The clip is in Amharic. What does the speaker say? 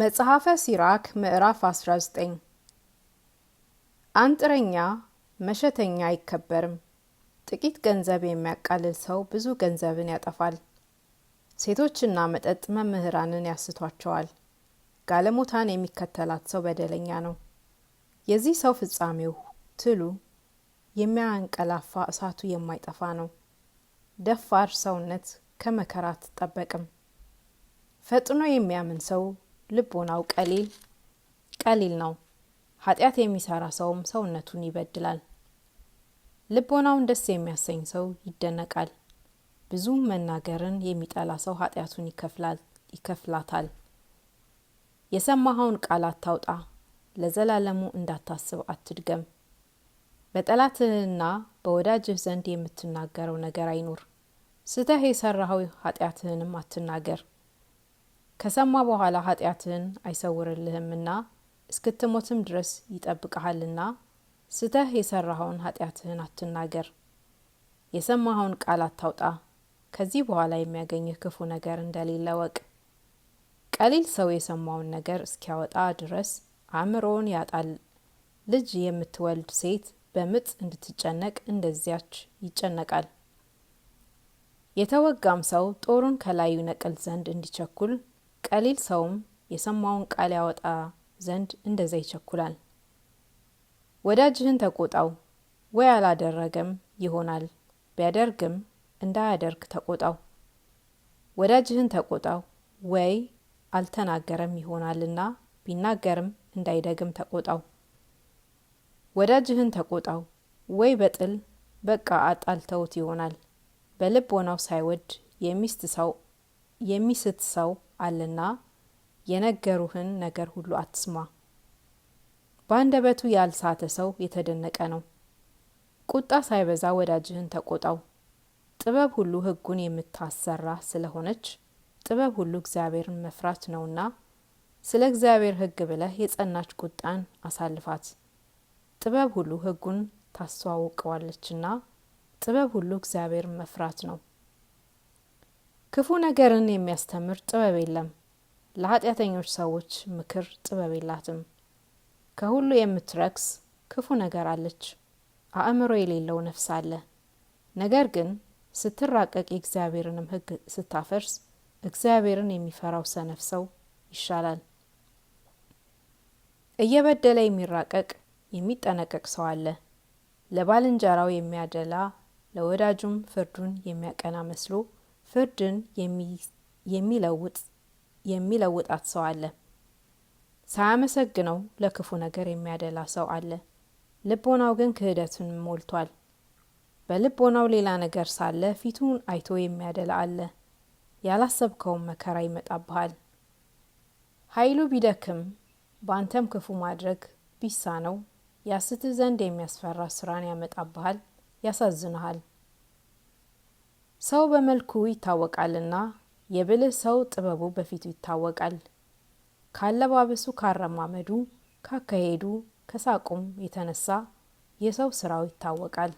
መጽሐፈ ሲራክ ምዕራፍ 19 አንጥረኛ መሸተኛ አይከበርም። ጥቂት ገንዘብ የሚያቃልል ሰው ብዙ ገንዘብን ያጠፋል። ሴቶችና መጠጥ መምህራንን ያስቷቸዋል። ጋለሞታን የሚከተላት ሰው በደለኛ ነው። የዚህ ሰው ፍጻሜው ትሉ የሚያንቀላፋ እሳቱ የማይጠፋ ነው። ደፋር ሰውነት ከመከራ አትጠበቅም። ፈጥኖ የሚያምን ሰው ልቦናው ቀሊል ቀሊል ነው። ኃጢአት የሚሰራ ሰውም ሰውነቱን ይበድላል። ልቦናውን ደስ የሚያሰኝ ሰው ይደነቃል። ብዙ መናገርን የሚጠላ ሰው ኃጢአቱን ይከፍላታል። የሰማኸውን ቃል አታውጣ፣ ለዘላለሙ እንዳታስብ አትድገም። በጠላትህና በወዳጅህ ዘንድ የምትናገረው ነገር አይኑር። ስተህ የሰራኸው ኃጢአትህንም አትናገር። ከሰማ በኋላ ኃጢአትህን አይሰውርልህምና እስክትሞትም ድረስ ይጠብቀሃልና ስተህ የሰራኸውን ኃጢአትህን አትናገር፣ የሰማኸውን ቃል አታውጣ። ከዚህ በኋላ የሚያገኝህ ክፉ ነገር እንደሌለ ወቅ። ቀሊል ሰው የሰማውን ነገር እስኪያወጣ ድረስ አእምሮውን ያጣል። ልጅ የምትወልድ ሴት በምጥ እንድትጨነቅ እንደዚያች ይጨነቃል። የተወጋም ሰው ጦሩን ከላዩ ነቅል ዘንድ እንዲቸኩል ቀሊል ሰውም የሰማውን ቃል ያወጣ ዘንድ እንደዛ ይቸኩላል። ወዳጅህን ተቆጣው፣ ወይ አላደረገም ይሆናል ቢያደርግም እንዳያደርግ ተቆጣው። ወዳጅህን ተቆጣው፣ ወይ አልተናገረም ይሆናልና ቢናገርም እንዳይደግም ተቆጣው። ወዳጅህን ተቆጣው፣ ወይ በጥል በቃ አጣልተውት ይሆናል በልቦናው ሳይወድ የሚስት ሰው የሚስት ሰው አለና የነገሩህን ነገር ሁሉ አትስማ። በአንደበቱ ያልሳተ ሰው የተደነቀ ነው። ቁጣ ሳይበዛ ወዳጅህን ተቆጣው። ጥበብ ሁሉ ሕጉን የምታሰራ ስለሆነች ጥበብ ሁሉ እግዚአብሔርን መፍራት ነውና ስለ እግዚአብሔር ሕግ ብለህ የጸናች ቁጣን አሳልፋት። ጥበብ ሁሉ ሕጉን ታስተዋውቀዋለችና ጥበብ ሁሉ እግዚአብሔርን መፍራት ነው። ክፉ ነገርን የሚያስተምር ጥበብ የለም። ለኃጢአተኞች ሰዎች ምክር ጥበብ የላትም። ከሁሉ የምትረክስ ክፉ ነገር አለች። አእምሮ የሌለው ነፍስ አለ። ነገር ግን ስትራቀቅ የእግዚአብሔርንም ሕግ ስታፈርስ እግዚአብሔርን የሚፈራው ሰነፍ ሰው ይሻላል። እየበደለ የሚራቀቅ የሚጠነቀቅ ሰው አለ። ለባልንጀራው የሚያደላ ለወዳጁም ፍርዱን የሚያቀና መስሎ ፍርድን የሚለውጣት ሰው አለ። ሳያመሰግነው ለክፉ ነገር የሚያደላ ሰው አለ። ልቦናው ግን ክህደትን ሞልቷል። በልቦናው ሌላ ነገር ሳለ ፊቱን አይቶ የሚያደላ አለ። ያላሰብከውን መከራ ይመጣብሃል። ኃይሉ ቢደክም በአንተም ክፉ ማድረግ ቢሳነው ያስትህ ዘንድ የሚያስፈራ ስራን ያመጣብሃል፣ ያሳዝንሃል። ሰው በመልኩ ይታወቃልና የብልህ ሰው ጥበቡ በፊቱ ይታወቃል። ካለባበሱ፣ ካረማመዱ፣ ካካሄዱ፣ ከሳቁም የተነሳ የሰው ስራው ይታወቃል።